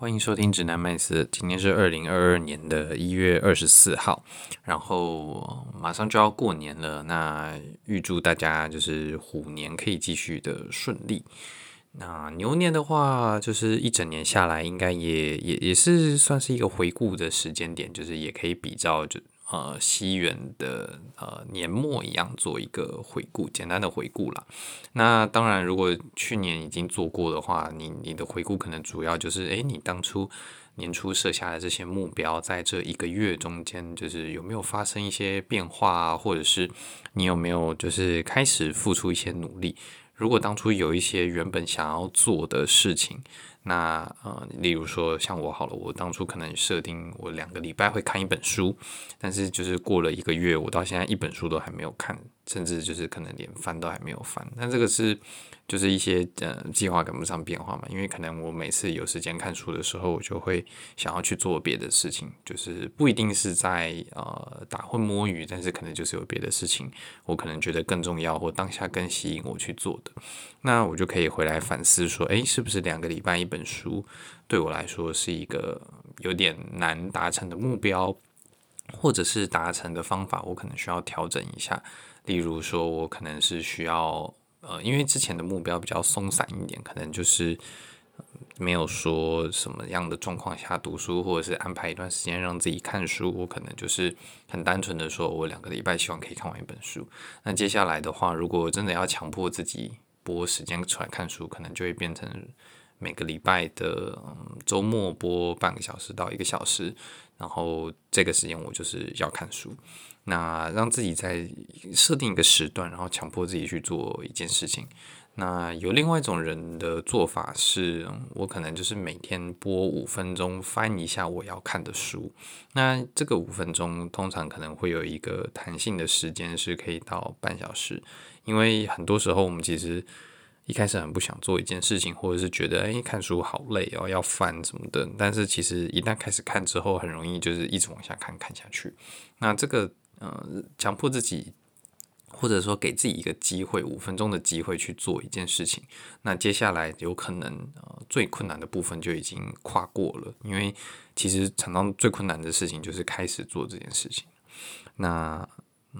歡迎收聽《指南麥斯》，今天是二零二二年的一月二十四號，然後馬上就要過年了。那預祝大家就是虎年可以繼續的順利。那牛年的話，就是一整年下來，應該也也也是算是一個回顧的時間點，就是也可以比較就。呃，西元的呃年末一樣做一個回顧，簡單的回顧了。那當然，如果去年已經做過的話，你你的回顧可能主要就是，誒、欸，你當初年初設下的這些目標，在這一個月中間，就是有沒有發生一些變化啊，或者是你有沒有就是開始付出一些努力？如果當初有一些原本想要做的事情，那呃，例如說像我好了，我當初可能設定我兩個禮拜會看一本書，但是就是過了一個月，我到現在一本書都還沒有看，甚至就是可能連翻都還沒有翻。但這個是就是一些呃計劃趕不上變化嘛，因為可能我每次有時間看書的時候，我就會想要去做別的事情，就是不一定是在呃打混摸魚，但是可能就是有別的事情，我可能覺得更重要或當下更吸引我去做的，那我就可以回來反思說，哎，是不是兩個禮拜一本？書對我來說是一個有點難達成的目標，或者是達成的方法，我可能需要調整一下。例如說，我可能是需要呃，因為之前的目標比較鬆散一點，可能就是、呃、沒有說什麼樣的狀況下讀書，或者是安排一段時間讓自己看書。我可能就是很單純的說，我兩個禮拜希望可以看完一本書。那接下來的話，如果真的要強迫自己撥時間出來看書，可能就會變成。每個禮拜的周末播半個小時到一個小時，然後這個時間我就是要看書，那讓自己再設定一個時段，然後強迫自己去做一件事情。那有另外一種人的做法是，我可能就是每天播五分鐘翻一下我要看的書，那這個五分鐘通常可能會有一個彈性的時間是可以到半小時，因為很多時候我們其實。一開始很不想做一件事情，或者是覺得誒、欸、看書好累哦，要翻什麼的。但是其實一旦開始看之後，很容易就是一直往下看，看下去。那這個呃，強迫自己，或者說給自己一個機會，五分鐘的機會去做一件事情。那接下來有可能呃最困難的部分就已經跨過了，因為其實常常最困難的事情就是開始做這件事情。那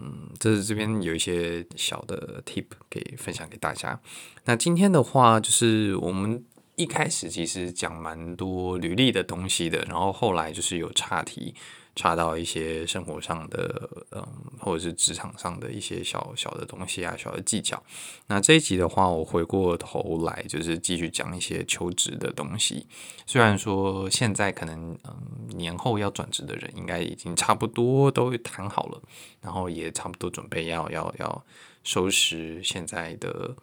嗯，這是這邊有一些小的 tip 給，分享給大家。那今天的話，就是我們一開始其實講蠻多履歷的東西的，然後後來就是有岔題。刷到一些生活上的，嗯，或者是職場上的一些小小的東西啊，小的技巧。那這一集的話，我回過頭來就是繼續講一些求職的東西。雖然說現在可能，嗯，年後要轉職的人應該已經差不多都談好了，然後也差不多準備要要要收拾現在的。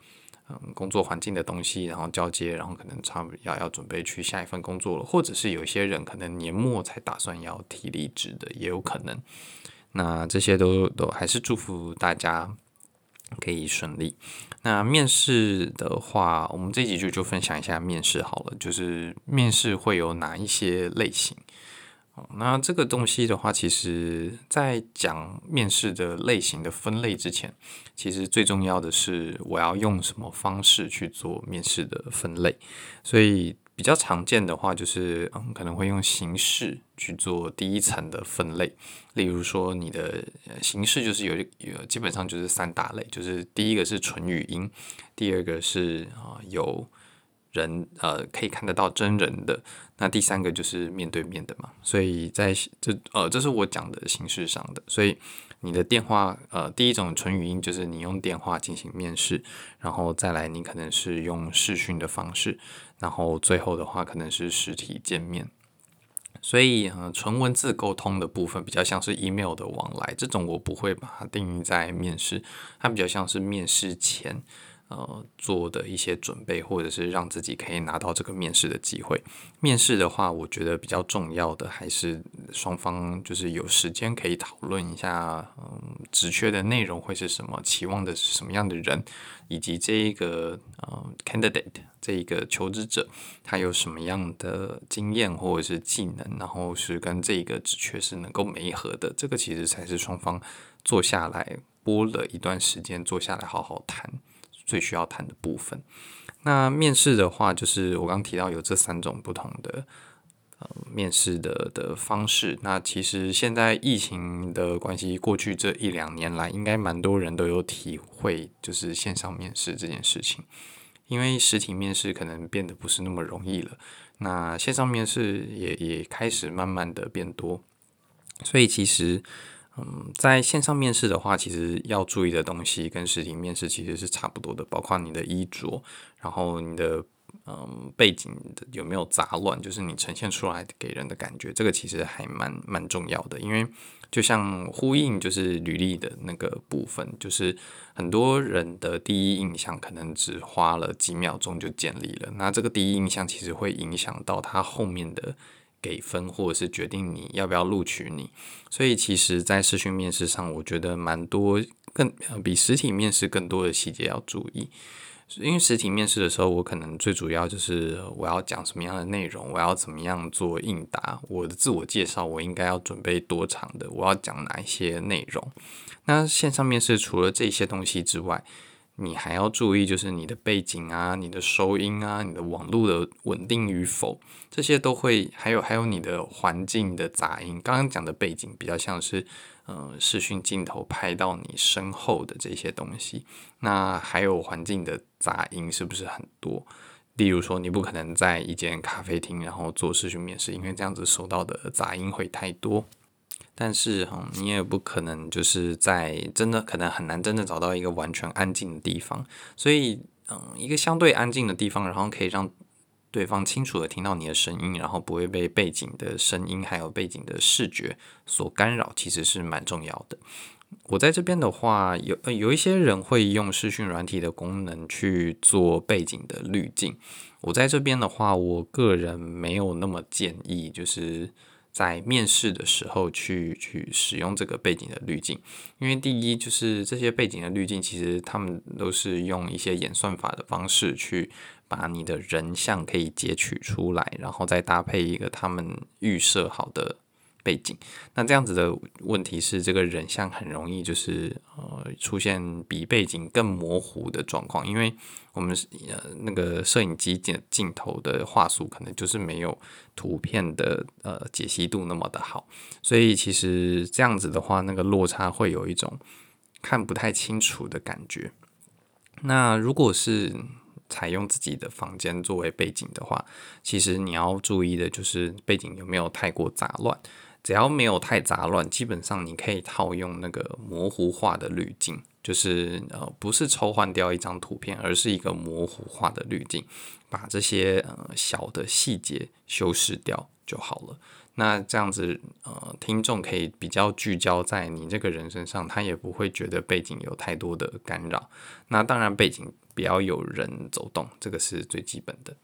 嗯，工作環境的東西，然後交接，然後可能差不多要要準備去下一份工作了，或者是有些人可能年末才打算要提離職的，也有可能。那這些都都還是祝福大家可以順利。那面試的話，我們這一集就，就分享一下面試好了，就是面試會有哪一些類型？那這個東西的話，其實在講面試的類型的分類之前，其實最重要的是我要用什麼方式去做面試的分類。所以比較常見的話，就是嗯，可能會用形式去做第一層的分類。例如說，你的形式就是有有，基本上就是三大類，就是第一個是純語音，第二個是啊、呃、有。人呃可以看得到真人的，那第三個就是面對面的嘛，所以在這呃這是我講的形式上的，所以你的電話呃第一種純語音就是你用電話進行面試，然後再來你可能是用視訊的方式，然後最後的話可能是實體見面，所以呃純文字溝通的部分比較像是 email 的往來，這種我不會把它定義在面試，它比較像是面試前。呃，做的一些準備，或者是讓自己可以拿到這個面試的機會。面試的話，我覺得比較重要的還是雙方就是有時間可以討論一下，嗯、呃，職缺的內容會是什麼，期望的是什麼樣的人，以及這一個呃 candidate 這一個求職者他有什麼樣的經驗或者是技能，然後是跟這個職缺是能夠媒合的。這個其實才是雙方坐下來撥了一段時間，坐下來好好談。最需要談的部分，那面試的話，就是我剛提到有這三種不同的呃面試的的方式。那其實現在疫情的關係，過去這一兩年來，應該蠻多人都有體會，就是線上面試這件事情，因為實體面試可能變得不是那麼容易了。那線上面試也也開始慢慢的變多，所以其實嗯，在線上面試的話，其實要注意的東西跟實體面試其實是差不多的，包括你的衣着，然後你的嗯背景有沒有雜亂，就是你呈現出來給人的感覺，這個其實還蠻蠻重要的。因為就像呼應就是履歷的那個部分，就是很多人的第一印象可能只花了幾秒鐘就建立了，那這個第一印象其實會影響到他後面的。給分，或者是決定你要不要錄取你，所以其實，在視訊面試上，我覺得蠻多更比實體面試更多的細節要注意。因為實體面試的時候，我可能最主要就是我要講什麼樣的內容，我要怎麼樣做應答，我的自我介紹，我應該要準備多長的，我要講哪一些內容。那線上面試除了這些東西之外，你還要注意，就是你的背景啊、你的收音啊、你的網絡的穩定與否，這些都會，還有還有你的環境的雜音。剛剛講的背景比較像是，嗯、呃，視訊鏡頭拍到你身後的這些東西。那還有環境的雜音是不是很多？例如說，你不可能在一間咖啡廳然後做視訊面試，因為這樣子收到的雜音會太多。但是，嗯，你也不可能就是在真的可能很難真的找到一個完全安靜的地方，所以，嗯，一個相對安靜的地方，然後可以讓對方清楚地聽到你的聲音，然後不會被背景的聲音還有背景的視覺所干擾，其實是蠻重要的。我在這邊的話，有，呃，有一些人會用視訊軟體的功能去做背景的濾鏡。我在這邊的話，我個人沒有那麼建議，就是。在面試的時候去去使用這個背景的濾鏡，因為第一就是這些背景的濾鏡，其實他們都是用一些演算法的方式去把你的人像可以截取出來，然後再搭配一個他們預設好的。背景，那這樣子的問題是，這個人像很容易就是呃出現比背景更模糊的狀況，因為我們呃那個攝影機鏡鏡頭的畫素可能就是沒有圖片的呃解析度那麼的好，所以其實這樣子的話，那個落差會有一種看不太清楚的感覺。那如果是採用自己的房間作為背景的話，其實你要注意的就是背景有沒有太過雜亂。只要沒有太雜亂，基本上你可以套用那個模糊化的濾鏡，就是呃，不是抽換掉一張圖片，而是一個模糊化的濾鏡，把這些呃小的細節修飾掉就好了。那這樣子呃，聽眾可以比較聚焦在你這個人身上，他也不會覺得背景有太多的干擾。那當然，背景不要有人走動，這個是最基本的。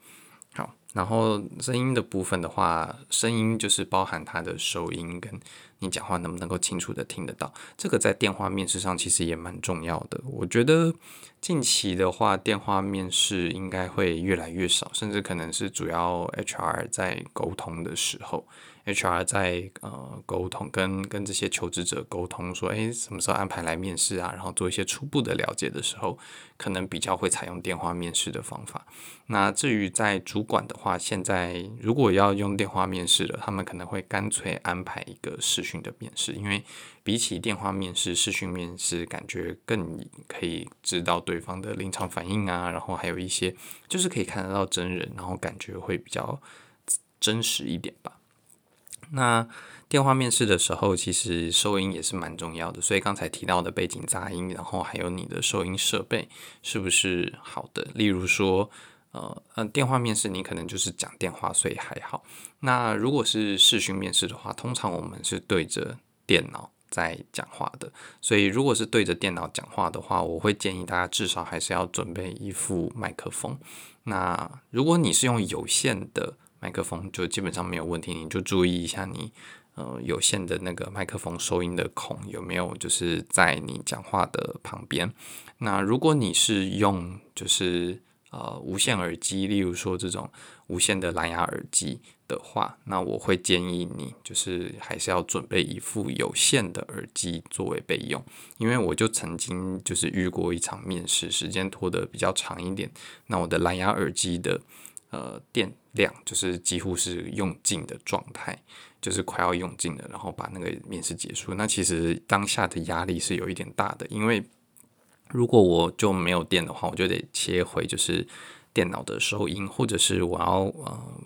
然後聲音的部分的話，聲音就是包含他的收音跟你講話能不能夠清楚的聽得到，這個在電話面試上其實也蠻重要的。我覺得近期的話，電話面試應該會越來越少，甚至可能是主要 HR 在溝通的時候。HR 在呃，溝通，跟跟這些求職者溝通，說，哎，什麼時候安排來面試啊？然後做一些初步的了解的時候，可能比較會採用電話面試的方法。那至於在主管的話，現在如果要用電話面試的，他們可能會乾脆安排一個視訊的面試，因為比起電話面試，視訊面試感覺更可以知道對方的臨場反應啊，然後還有一些就是可以看得到真人，然後感覺會比較真實一點吧。那電話面試的時候，其實收音也是蠻重要的，所以剛才提到的背景雜音，然後還有你的收音設備是不是好的？例如說，呃，電話面試你可能就是講電話，所以還好。那如果是視訊面試的話，通常我們是對着電腦在講話的，所以如果是對着電腦講話的話，我會建議大家至少還是要準備一副麥克風。那如果你是用有線的，麥克風就基本上沒有問題，你就注意一下你呃有線的那個麥克風收音的孔有沒有，就是在你講話的旁邊。那如果你是用就是呃無線耳機，例如說這種無線的藍牙耳機的話，那我會建議你就是還是要準備一副有線的耳機作為備用，因為我就曾經就是遇過一場面試，時間拖得比較長一點，那我的藍牙耳機的。呃，電量就是幾乎是用盡的狀態，就是快要用盡了，然後把那個面試結束。那其實當下的壓力是有一點大的，因為如果我就沒有電的話，我就得切回就是電腦的收音，或者是我要呃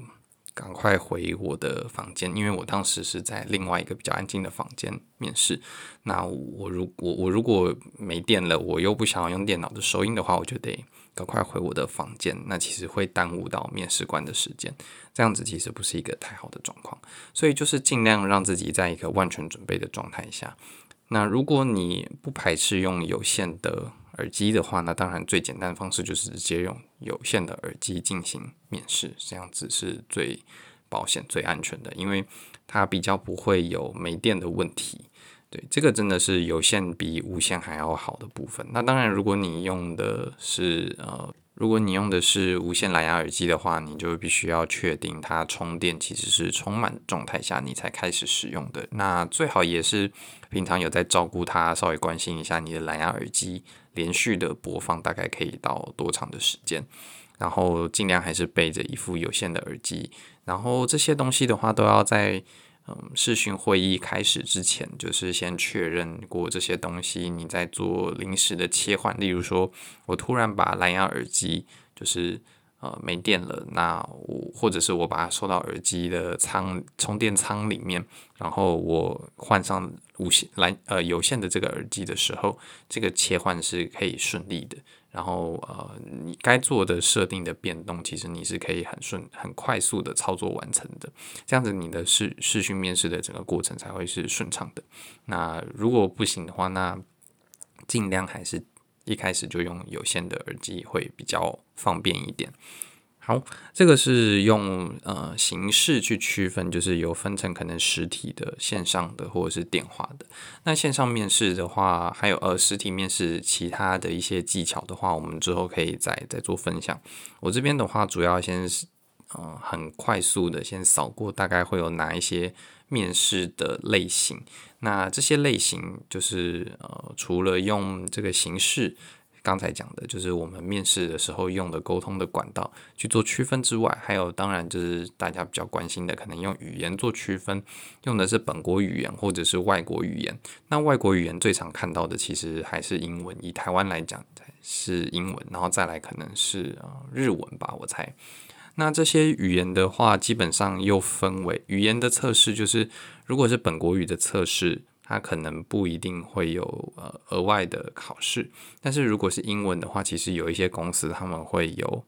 趕快回我的房間，因為我當時是在另外一個比較安靜的房間面試。那我如果我如果沒電了，我又不想要用電腦的收音的話，我就得。趕快回我的房間，那其實會耽誤到面試官的時間，這樣子其實不是一個太好的狀況，所以就是盡量讓自己在一個萬全準備的狀態下。那如果你不排斥用有線的耳機的話，那當然最簡單的方式就是直接用有線的耳機進行面試，這樣子是最保險、最安全的，因為它比較不會有沒電的問題。對，這個真的是有線比無線還要好的部分。那當然，如果你用的是呃，如果你用的是無線藍牙耳機的話，你就必須要確定它充電其實是充滿狀態下你才開始使用的。那最好也是平常有在照顧它，稍微關心一下你的藍牙耳機連續的播放大概可以到多長的時間，然後儘量還是背着一副有線的耳機。然後這些東西的話，都要在。嗯，視訊會議開始之前，就是先確認過這些東西，你再做臨時的切換。例如說，我突然把藍牙耳機就是呃沒電了，那我或者是我把它收到耳機的倉充電倉裡面，然後我換上無線藍呃有線的這個耳機的時候，這個切換是可以順利的。然後呃，你該做的設定的變動，其實你是可以很順、很快速的操作完成的。這樣子你的視、視訊面試的整個過程才會是順暢的。那如果不行的話，那儘量還是一開始就用有線的耳機會比較方便一點。好，這個是用呃形式去區分，就是有分成可能實體的、線上的或者是電話的。那線上面試的話，還有呃實體面試，其他的一些技巧的話，我們之後可以再再做分享。我這邊的話，主要先嗯、呃、很快速的先掃過，大概會有哪一些面試的類型。那這些類型就是呃除了用這個形式。剛才講的就是我們面試的時候用的溝通的管道去做區分之外，還有當然就是大家比較關心的，可能用語言做區分，用的是本國語言或者是外國語言。那外國語言最常看到的其實還是英文，以台灣來講是英文，然後再來可能是日文吧，我猜。那這些語言的話，基本上又分為語言的測試，就是如果是本國語的測試。他可能不一定會有呃額外的考試，但是如果是英文的話，其實有一些公司他們會有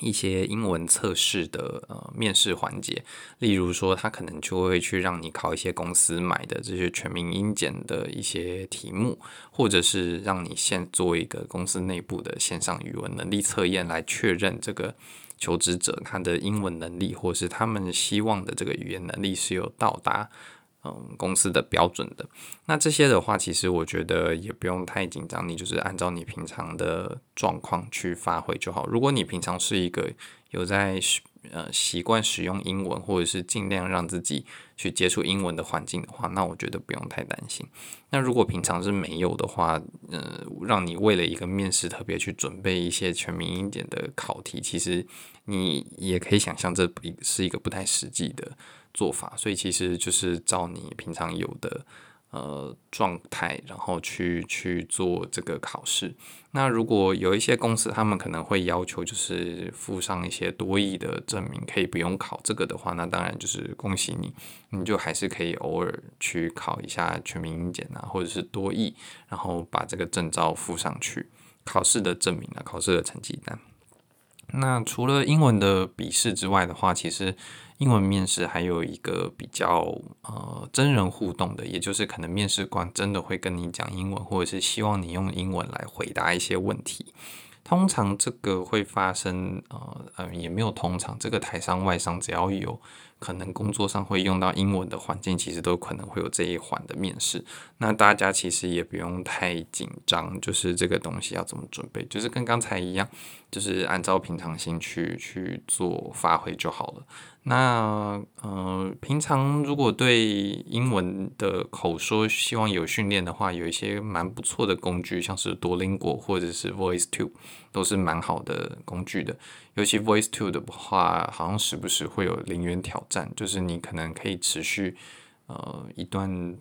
一些英文測試的呃面試環節。例如說，他可能就會去讓你考一些公司買的這些全民英檢的一些題目，或者是讓你先做一個公司內部的線上語文能力測驗，來確認這個求職者他的英文能力，或是他們希望的這個語言能力是有到達。嗯，公司的標準的。那這些的話，其實我覺得也不用太緊張，你就是按照你平常的狀況去發揮就好。如果你平常是一個有在呃習慣使用英文，或者是盡量讓自己去接觸英文的環境的話，那我覺得不用太擔心。那如果平常是沒有的話，嗯、呃，讓你為了一個面試特別去準備一些全民一點的考題，其實你也可以想象，這是一個不太實際的。做法。所以其實就是照你平常有的呃狀態，然後去去做這個考試。那如果有一些公司，他們可能會要求就是附上一些多益的證明，可以不用考這個的話，那當然就是恭喜你，你就還是可以偶爾去考一下全民英檢啊，或者是多益，然後把這個證照附上去，考試的證明啊，考試的成績單。那除了英文的筆試之外的話，其實。英文面試還有一個比較呃真人互動的，也就是可能面試官真的會跟你講英文，或者是希望你用英文來回答一些問題。通常這個會發生，呃呃，也沒有通常這個台商、外商，只要有可能工作上會用到英文的環境，其實都可能會有這一環的面試。那大家其實也不用太緊張，就是這個東西要怎麼準備，就是跟剛才一樣，就是按照平常心去去做發揮就好了。那呃，平常如果對英文的口說希望有訓練的話，有一些蠻不錯的工具，像是多鄰國或者是 Voice Tube，都是蠻好的工具的。尤其 Voice Tube 的話，好像時不時會有零元挑戰，就是你可能可以持續呃一段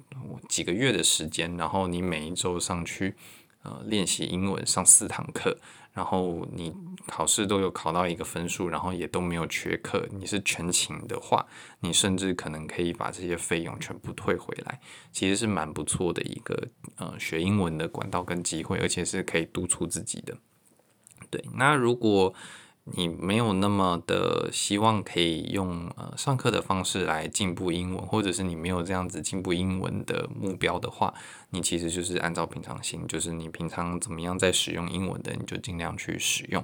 幾個月的時間，然後你每一周上去呃練習英文，上四堂課。然後你考試都有考到一個分數，然後也都沒有缺課，你是全勤的話，你甚至可能可以把這些費用全部退回來，其實是蠻不錯的一個呃學英文的管道跟機會，而且是可以督促自己的。對，那如果，你沒有那麼的希望可以用呃上課的方式來進步英文，或者是你沒有這樣子進步英文的目標的話，你其實就是按照平常心，就是你平常怎麼樣在使用英文的，你就盡量去使用。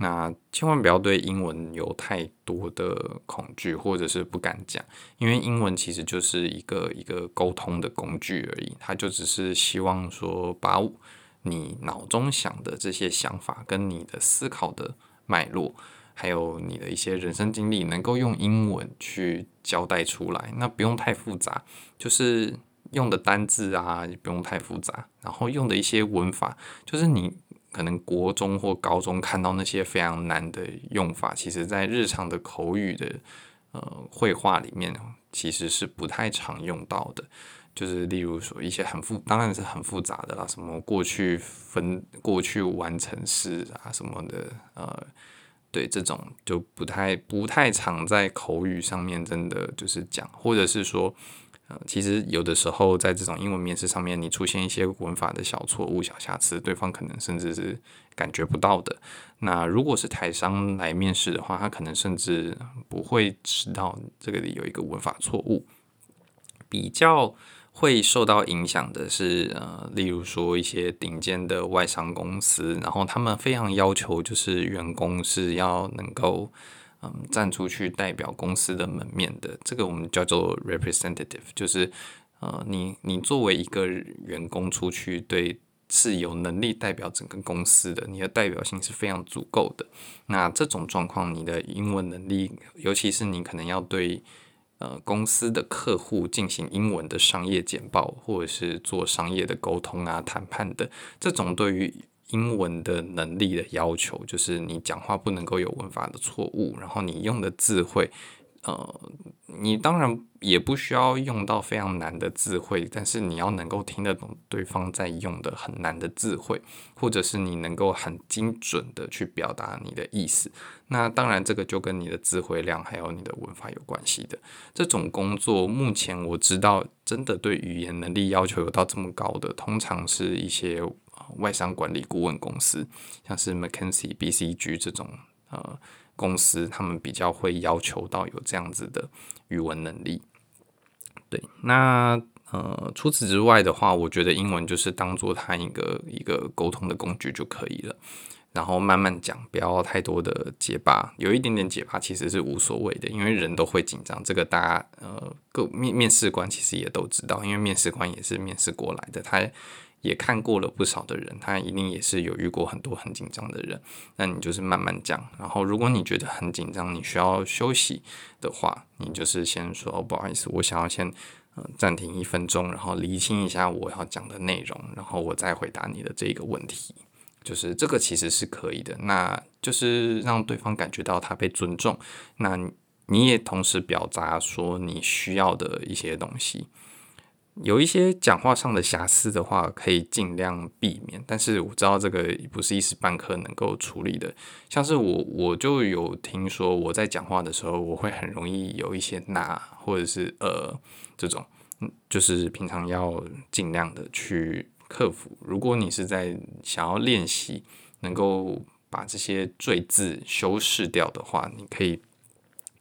那千萬不要對英文有太多的恐懼或者是不敢講，因為英文其實就是一個一個溝通的工具而已，它就只是希望說把你腦中想的這些想法跟你的思考的。脈絡，還有你的一些人生經歷，能夠用英文去交代出來。那不用太複雜，就是用的單字啊，也不用太複雜，然後用的一些文法，就是你可能國中或高中看到那些非常難的用法，其實在日常的口語的呃會話裡面，其實是不太常用到的。就是例如說一些很複，當然是很複雜的啦，什麼過去分、過去完成式啊什麼的，呃，對，這種就不太不太常在口語上面真的就是講，或者是說，呃，其實有的時候在這種英文面試上面，你出現一些文法的小錯誤、小瑕疵，對方可能甚至是感覺不到的。那如果是台商來面試的話，他可能甚至不會知道這個裡有一個文法錯誤，比較。會受到影響的是，呃，例如說一些頂尖的外商公司，然後他們非常要求就是員工是要能夠，嗯、呃，站出去代表公司的門面的。這個我們叫做 representative，就是，呃，你你作為一個員工出去，對，是有能力代表整個公司的，你的代表性是非常足夠的。那這種狀況，你的英文能力，尤其是你可能要對。呃，公司的客戶進行英文的商業簡報，或者是做商業的溝通啊、談判的，這種對於英文的能力的要求，就是你講話不能夠有文法的錯誤，然後你用的字彙。呃，你當然也不需要用到非常難的詞彙，但是你要能夠聽得懂對方在用的很難的詞彙，或者是你能夠很精準的去表達你的意思。那當然，這個就跟你的詞彙量還有你的文法有關係的。這種工作目前我知道，真的對語言能力要求有到這麼高的，通常是一些外商管理顧問公司，像是 McKinsey、BCG 這種呃。公司他們比較會要求到有這樣子的語文能力，對，那呃除此之外的話，我覺得英文就是當做他一個一個溝通的工具就可以了，然後慢慢講，不要太多的結巴，有一點點結巴其實是無所謂的，因為人都會緊張，這個大家呃各面面試官其實也都知道，因為面試官也是面試過來的，他。也看過了不少的人，他一定也是有遇過很多很緊張的人。那你就是慢慢講，然後如果你覺得很緊張，你需要休息的話，你就是先說哦，不好意思，我想要先呃、暫停一分鐘，然後理清一下我要講的內容，然後我再回答你的這個問題。就是這個其實是可以的，那就是讓對方感覺到他被尊重，那你也同時表達說你需要的一些東西。有一些講話上的瑕疵的話，可以盡量避免。但是我知道這個不是一時半刻能夠處理的。像是我，我就有聽說我在講話的時候，我會很容易有一些“那”或者是“呃”這種，就是平常要盡量的去克服。如果你是在想要練習，能夠把這些贅字修飾掉的話，你可以，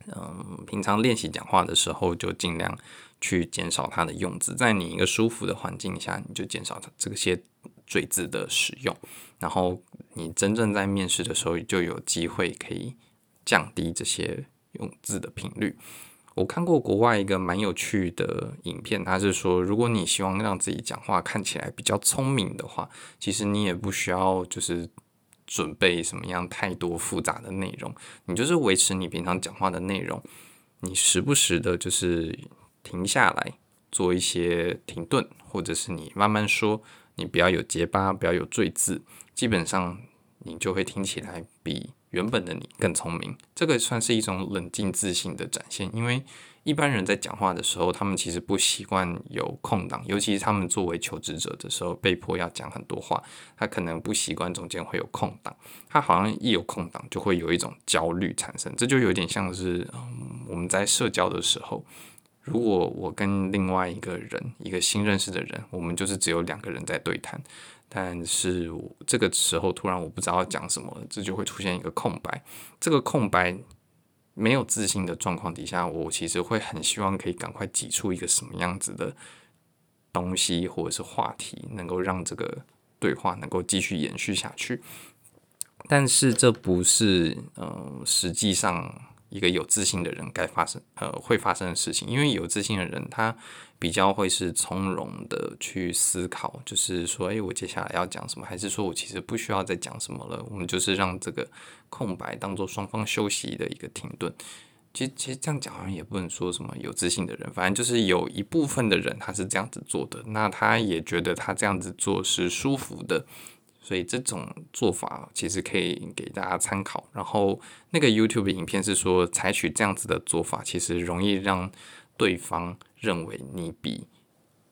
嗯、呃，平常練習講話的時候就盡量。去減少它的用字，在你一個舒服的環境下，你就減少它這些贅字的使用，然後你真正在面試的時候，就有機會可以降低這些用字的頻率。我看過國外一個蠻有趣的影片，它是說，如果你希望讓自己講話看起來比較聰明的話，其實你也不需要就是準備什麼樣太多複雜的內容，你就是維持你平常講話的內容，你時不時的就是。停下來做一些停頓，或者是你慢慢說，你不要有結巴，不要有贅字，基本上你就會聽起來比原本的你更聰明。這個算是一種冷靜自信的展現，因為一般人在講話的時候，他們其實不習慣有空檔，尤其是他們作為求職者的時候，被迫要講很多話，他可能不習慣中間會有空檔，他好像一有空檔就會有一種焦慮產生，這就有點像是，嗯，我們在社交的時候。如果我跟另外一個人，一個新認識的人，我們就是只有兩個人在對談，但是這個時候突然我不知道要講什麼了，這就會出現一個空白。這個空白沒有自信的狀況底下，我其實會很希望可以趕快擠出一個什麼樣子的東西或者是話題，能夠讓這個對話能夠繼續延續下去。但是這不是，嗯、呃，實際上。一個有自信的人該發生呃，會發生的事情，因為有自信的人他比較會是從容的去思考，就是說，誒，我接下來要講什麼，還是說我其實不需要再講什麼了，我們就是讓這個空白當做雙方休息的一個停頓。其實其實這樣講也不能說什麼有自信的人，反正就是有一部分的人他是這樣子做的，那他也覺得他這樣子做是舒服的。所以這種做法其實可以給大家參考。然後那個 YouTube 影片是說，採取這樣子的做法，其實容易讓對方認為你比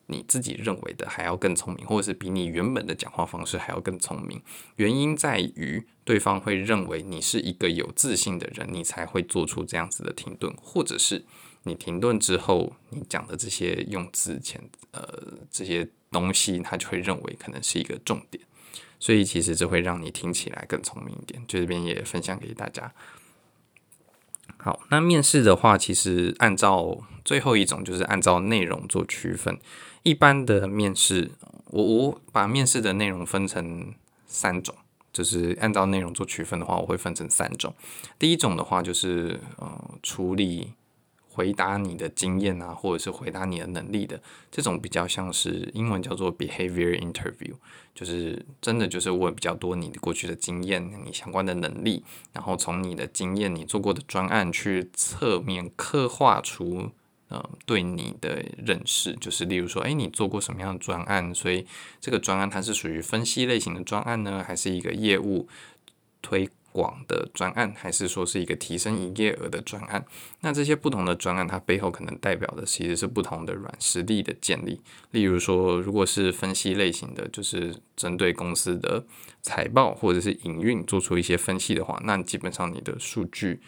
你自己認為的還要更聰明，或者是比你原本的講話方式還要更聰明。原因在於，對方會認為你是一個有自信的人，你才會做出這樣子的停頓，或者是你停頓之後，你講的這些用詞前，呃，這些東西，他就會認為可能是一個重點。所以其實這會讓你聽起來更聰明一點，就這邊也分享給大家。好，那面試的話，其實按照最後一種就是按照內容做區分。一般的面試，我我把面試的內容分成三種，就是按照內容做區分的話，我會分成三種。第一種的話就是嗯，處理。回答你的經驗啊，或者是回答你的能力的這種比較像是英文叫做 behavior interview，就是真的就是問比較多你過去的經驗，你相關的能力，然後從你的經驗，你做過的專案去側面刻畫出嗯、呃，對你的認識，就是例如說，誒，你做過什麼樣的專案？所以這個專案它是屬於分析類型的專案呢，還是一個業務推？廣的專案，還是說是一個提升營業額的專案？那這些不同的專案，它背後可能代表的其實是不同的軟實力的建立。例如說，如果是分析類型的，就是針對公司的財報或者是營運做出一些分析的話，那基本上你的數據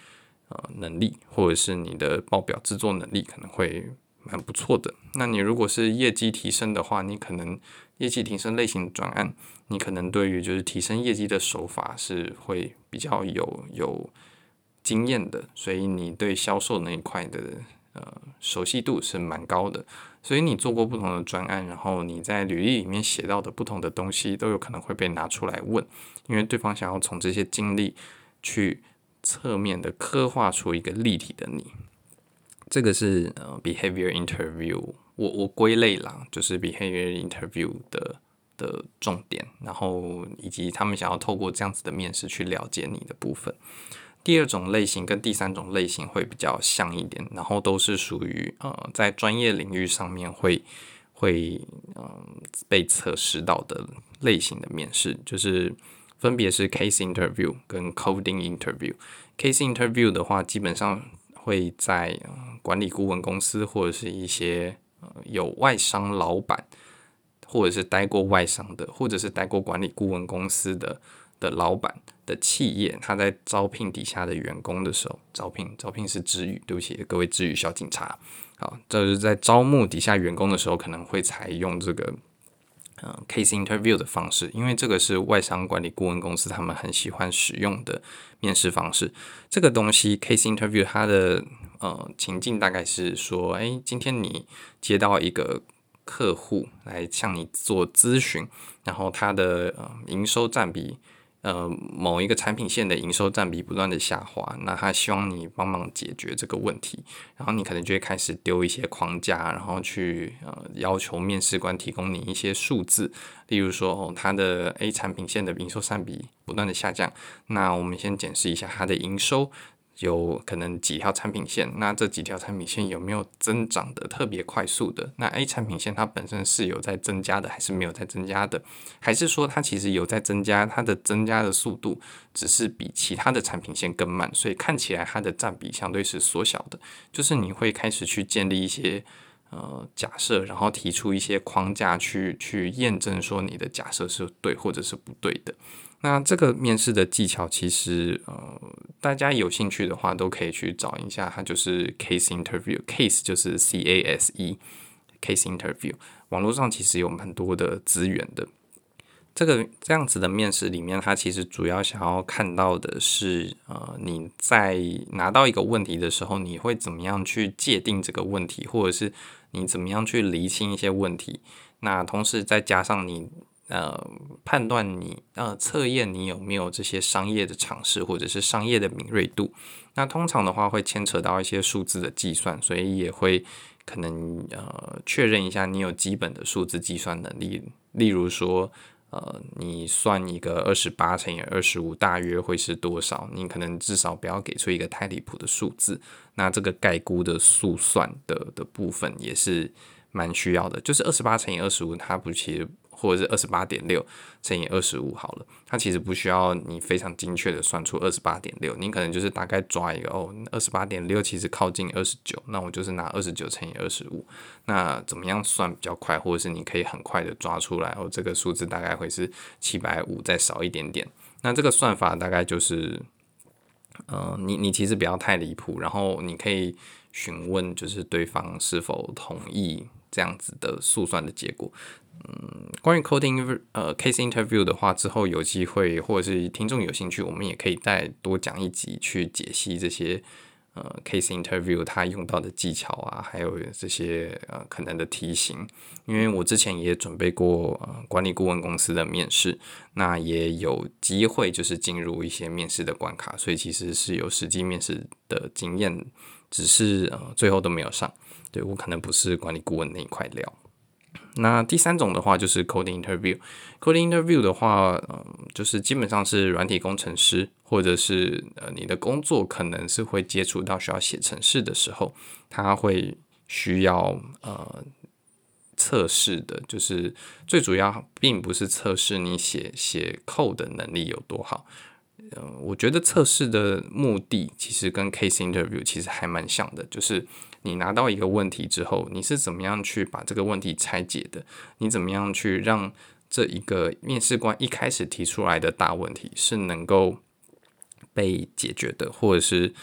呃能力，或者是你的報表制作能力可能會蠻不錯的。那你如果是業績提升的話，你可能業績提升類型的專案。你可能對於就是提升業績的手法是會比較有有經驗的，所以你對銷售那一塊的呃熟悉度是蠻高的，所以你做過不同的專案，然後你在履歷裡面寫到的不同的東西都有可能會被拿出來問，因為對方想要從這些經歷去側面的刻畫出一個立體的你。這個是呃 behavior interview，我我歸類啦，就是 behavior interview 的的重點，然後以及他們想要透過這樣子的面試去了解你的部分。第二種類型跟第三種類型會比較像一點，然後都是屬於呃在專業領域上面會會嗯、呃、被測試到的類型的面試，就是分別是 case interview 跟 coding interview。Case interview 的話，基本上會在、呃、管理顧問公司或者是一些、呃、有外商老闆。或者是待過外商的，或者是待過管理顧問公司的的老闆的企業，他在招聘底下的員工的時候，招聘招聘是支語，對不起，各位支語小警察，好，這、就是在招募底下員工的時候可能會採用這個，嗯、呃、，case interview 的方式，因為這個是外商管理顧問公司他們很喜歡使用的面試方式。這個東西 case interview 它的呃情境大概是說，誒、欸，今天你接到一個。客戶來向你做諮詢，然後他的，呃，營收占比，呃，某一個產品線的營收占比不斷的下滑，那他希望你幫忙解決這個問題，然後你可能就會開始丟一些框架，然後去呃要求面試官提供你一些數字，例如說哦，他的 A 產品線的營收占比不斷的下降，那我們先檢視一下他的營收。有可能幾條產品線，那這幾條產品線有沒有增長得特別快速的？那 A 產品線它本身是有在增加的，還是沒有在增加的？還是說它其實有在增加，它的增加的速度只是比其他的產品線更慢，所以看起來它的占比相對是縮小的。就是你會開始去建立一些呃假設，然後提出一些框架去去驗證說你的假設是對或者是不對的。那這個面試的技巧，其實呃，大家有興趣的話，都可以去找一下。它就是 case interview，case 就是 C A S E case interview。網絡上其實有很多的資源的。這個這樣子的面試裡面，它其實主要想要看到的是，呃，你在拿到一個問題的時候，你會怎麼樣去界定這個問題，或者是你怎麼樣去釐清一些問題。那同時再加上你。呃，判斷你呃測驗你有沒有這些商業的嘗試或者是商業的敏銳度，那通常的話會牽扯到一些數字的計算，所以也會可能呃確認一下你有基本的數字計算能力。例如說，呃，你算一個二十八乘以二十五大約會是多少？你可能至少不要給出一個太離譜的數字。那這個概估的速算的的部分也是蠻需要的，就是二十八乘以二十五，它不其實。或者是二十八點六乘以二十五好了，它其實不需要你非常精確的算出二十八點六，你可能就是大概抓一個哦，二十八點六其實靠近二十九，那我就是拿二十九乘以二十五，那怎麼樣算比較快，或者是你可以很快的抓出來，哦，這個數字大概會是七百五再少一點點，那這個算法大概就是，嗯、呃，你你其實不要太離譜，然後你可以詢問就是對方是否同意。這樣子的速算的結果，嗯，關於 coding 呃 case interview 的話，之後有機會或者是聽眾有興趣，我們也可以再多講一集去解析這些呃 case interview 它用到的技巧啊，還有這些呃可能的題型。因為我之前也準備過呃管理顧問公司的面試，那也有機會就是進入一些面試的關卡，所以其實是有實際面試的經驗，只是呃最後都沒有上。對，我可能不是管理顧問那一塊料。那第三種的話就是 coding interview。coding interview 的話，嗯，就是基本上是軟體工程師，或者是呃，你的工作可能是會接觸到需要寫程式的時候，他會需要呃測試的。就是最主要並不是測試你寫寫 code 的能力有多好。嗯、呃，我覺得測試的目的其實跟 case interview 其實還蠻像的，就是。你拿到一個問題之後，你是怎麼樣去把這個問題拆解的？你怎麼樣去讓這一個面試官一開始提出來的大問題是能夠被解決的？或者是，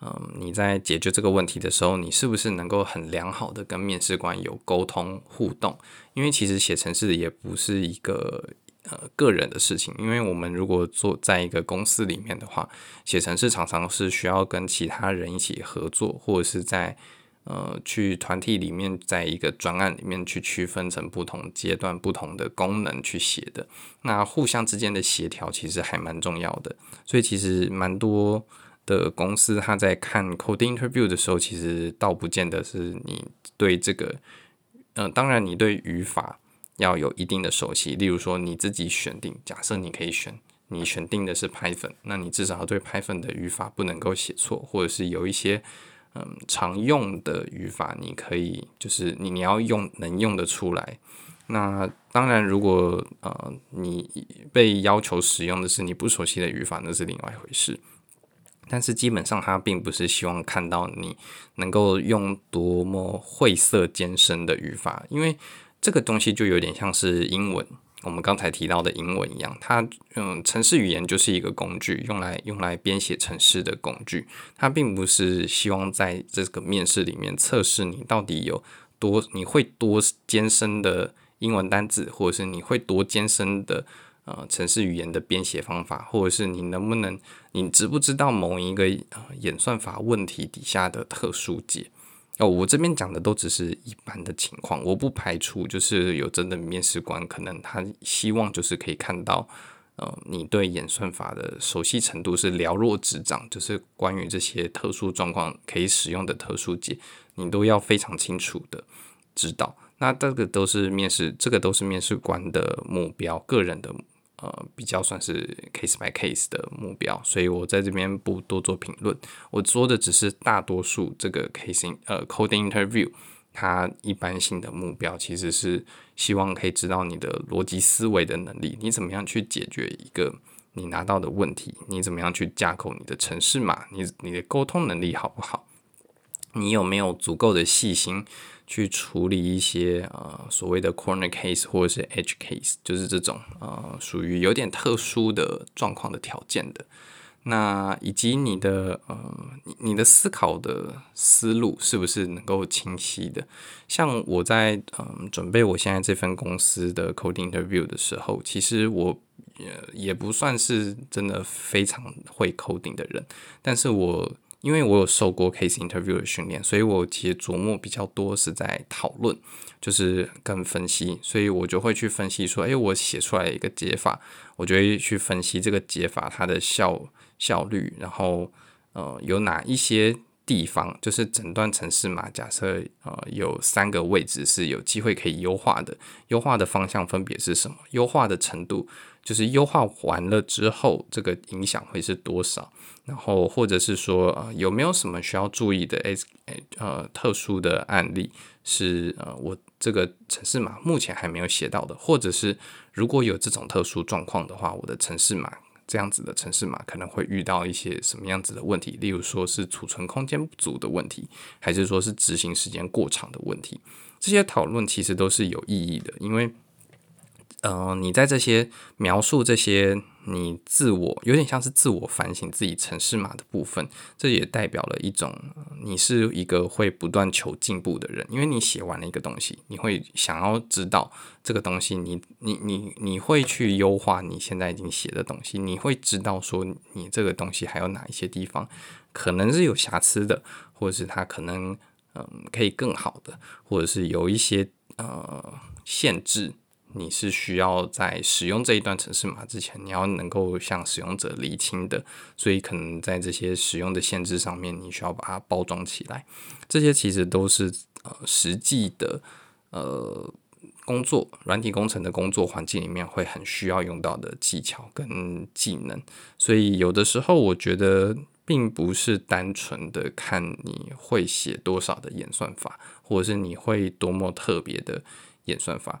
嗯，你在解決這個問題的時候，你是不是能夠很良好的跟面試官有溝通互動？因為其實寫程式也不是一個呃個人的事情，因為我們如果做在一個公司裡面的話，寫程式常常是需要跟其他人一起合作，或者是在呃，去團體裡面，在一個專案裡面去區分成不同階段、不同的功能去寫的，那互相之間的協調其實還蠻重要的。所以其實蠻多的公司，他在看 coding interview 的時候，其實倒不見得是你對這個，呃，當然你對語法要有一定的熟悉。例如說，你自己選定，假設你可以選，你選定的是 Python，那你至少要對 Python 的語法不能夠寫錯，或者是有一些。嗯，常用的語法你可以，就是你你要用能用得出來。那當然，如果呃你被要求使用的是你不熟悉的語法，那是另外一回事。但是基本上，他並不是希望看到你能夠用多麼晦澀艱深的語法，因為這個東西就有點像是英文。我們剛才提到的英文一樣，它，嗯，呃，程式語言就是一個工具，用來用來編寫程式的工具。它並不是希望在這個面試裡面測試你到底有多你會多艱深的英文單字，或者是你會多艱深的呃程式語言的編寫方法，或者是你能不能你知不知道某一個、呃、演算法問題底下的特殊解。哦，我這邊講的都只是一般的情況，我不排除就是有真的面試官可能他希望就是可以看到，呃，你對演算法的熟悉程度是瞭若指掌，就是關於這些特殊狀況可以使用的特殊解，你都要非常清楚的知道。那這個都是面試，這個都是面試官的目標，個人的目標。呃，比較算是 case by case 的目標，所以我在這邊不多做評論。我說的只是大多數這個 case in 呃，coding interview，它一般性的目標其實是希望可以知道你的邏輯思維的能力，你怎麼樣去解決一個你拿到的問題，你怎麼樣去架構你的程式嘛，你你的溝通能力好不好，你有沒有足夠的細心，去處理一些呃所謂的 corner case 或者是 edge case，就是這種呃屬於有點特殊的狀況的條件的。那以及你的呃你你的思考的思路是不是能夠清晰的？像我在嗯、呃、準備我現在這份公司的 coding interview 的時候，其實我也、呃、也不算是真的非常會 coding 的人，但是我。因為我有受過 case interview 的訓練，所以我其實琢磨比較多是在討論，就是跟分析，所以我就會去分析說：誒，我寫出來一個解法，我就會去分析這個解法它的效效率，然後呃有哪一些地方就是整段程式嘛，假設呃有三個位置是有機會可以優化的，優化的方向分別是什麼？優化的程度就是優化完了之後，這個影響會是多少？然後，或者是說，呃，有沒有什麼需要注意的？哎，呃，特殊的案例是呃，我這個程式碼目前還沒有寫到的，或者是如果有這種特殊狀況的話，我的程式碼這樣子的程式碼可能會遇到一些什麼樣子的問題？例如說是儲存空間不足的問題，還是說是執行時間過長的問題？這些討論其實都是有意義的，因為，呃，你在這些描述這些你自我有點像是自我反省自己程式碼的部分，這也代表了一種、呃、你是一個會不斷求進步的人。因為你寫完了一個東西，你會想要知道這個東西你，你你你你會去優化你現在已經寫的東西，你會知道說你這個東西還有哪一些地方可能是有瑕疵的，或者是它可能嗯、呃、可以更好的，或者是有一些呃限制。你是需要在使用這一段程式碼之前，你要能夠向使用者釐清的，所以可能在這些使用的限制上面，你需要把它包裝起來。這些其實都是呃實際的呃工作，軟體工程的工作環境裡面會很需要用到的技巧跟技能。所以有的時候，我覺得並不是單純的看你會寫多少的演算法，或者是你會多麼特別的演算法。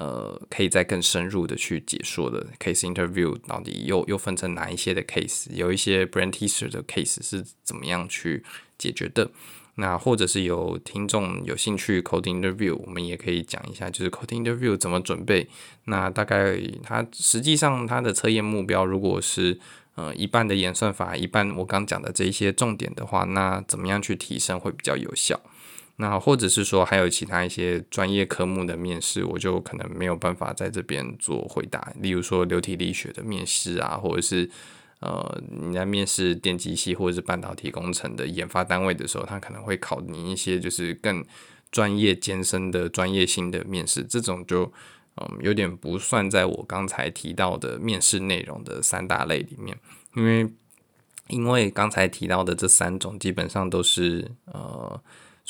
呃，可以再更深入的去解說的 case interview 到底又又分成哪一些的 case，有一些 brain teaser 的 case 是怎麼樣去解決的，那或者是有聽眾有興趣 coding interview，我們也可以講一下，就是 coding interview 怎麼準備，那大概它實際上它的測驗目標如果是呃一半的演算法，一半我剛講的這一些重點的話，那怎麼樣去提升會比較有效？那或者是說還有其他一些專業科目的面試，我就可能沒有辦法在這邊做回答。例如說流體力學的面試啊，或者是呃你在面試電機系或者是半導體工程的研發單位的時候，他可能會考你一些就是更專業、艱深的專業性的面試。這種就嗯、呃、有點不算在我剛才提到的面試內容的三大類裡面，因為因為剛才提到的這三種基本上都是呃。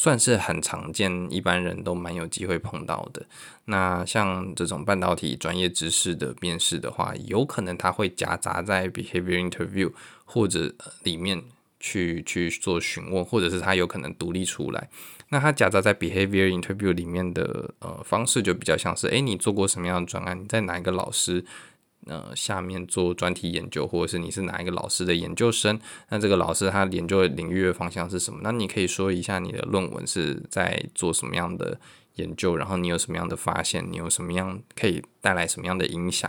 算是很常見，一般人都蠻有機會碰到的。那像這種半導體專業知識的面試的話，有可能他會夾雜在 behavior interview 或者、呃、裡面去去做詢問，或者是他有可能獨立出來。那他夾雜在 behavior interview 裡面的呃方式，就比較像是：誒，你做過什麼樣的專案？你在哪一個老師？呃，下面做專題研究，或者是你是哪一個老師的研究生？那這個老師他研究的領域的方向是什麼？那你可以說一下你的論文是在做什麼樣的研究，然後你有什麼樣的發現，你有什麼樣可以帶來什麼樣的影響？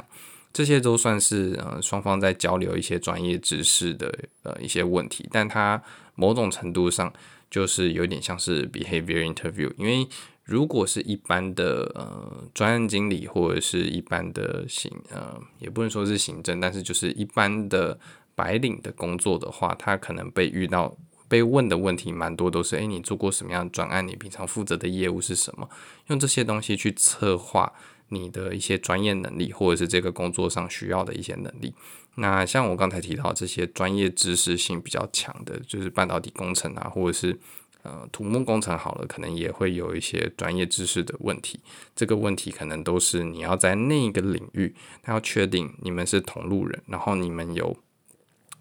這些都算是呃雙方在交流一些專業知識的呃一些問題，但它某種程度上就是有點像是 behavior interview，因為。如果是一般的呃專案經理或者是一般的行呃也不能說是行政，但是就是一般的白領的工作的話，他可能被遇到被問的問題蠻多都是哎、欸、你做過什麼樣的專案？你平常負責的業務是什麼？用這些東西去策劃你的一些專業能力，或者是這個工作上需要的一些能力。那像我剛才提到這些專業知識性比較強的，就是半導體工程啊，或者是。呃、嗯，土木工程好了，可能也會有一些專業知識的問題。這個問題可能都是你要在那個領域，他要確定你們是同路人，然後你們有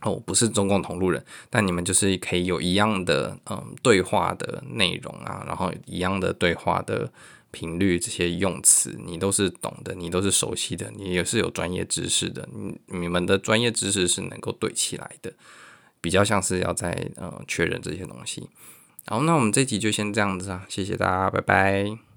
哦，不是中共同路人，但你們就是可以有一樣的嗯對話的內容啊，然後一樣的對話的頻率，這些用詞你都是懂的，你都是熟悉的，你也是有專業知識的，你你們的專業知識是能夠對起來的，比較像是要在呃確認這些東西。好，那我們這集就先這樣子啊，謝謝大家，拜拜。